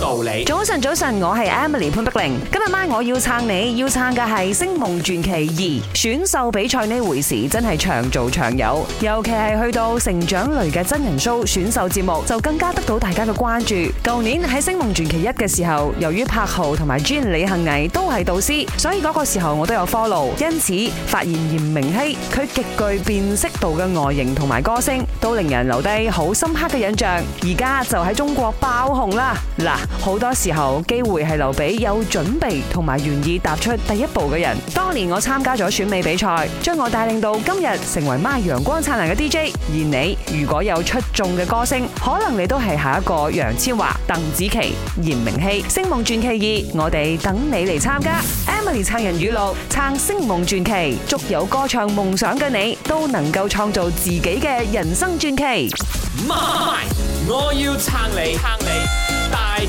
道理。早晨，早晨，我係 Emily 潘碧玲。今日晚我要撐你，要撐嘅係《星夢傳奇二》。選秀比賽呢回事，真係長做長有。尤其係去到成長類嘅真人 show 選秀節目，就更加得到大家嘅關注。舊年喺《星夢傳奇一》嘅時候，由於柏豪同埋 Gin 李幸倪都係導師，所以嗰個時候我都有 follow，因此發現嚴明熙，佢極具辨識度嘅外形同埋歌聲，都令人留低好深刻嘅印象。而家就喺中國爆紅啦，嗱。好多時候機會係留俾有準備同埋願意踏出第一步嘅人。當年我參加咗選美比賽，將我帶領到今日成為媽陽光燦爛嘅 DJ。而你如果有出眾嘅歌聲，可能你都係下一個楊千嬅、鄧紫棋、炎明熹、《星夢傳奇》二，我哋等你嚟參加 em 撐。Emily 撐人語錄，撐星夢傳奇，祝有歌唱夢想嘅你，都能夠創造自己嘅人生傳奇。我要撐你，撐你。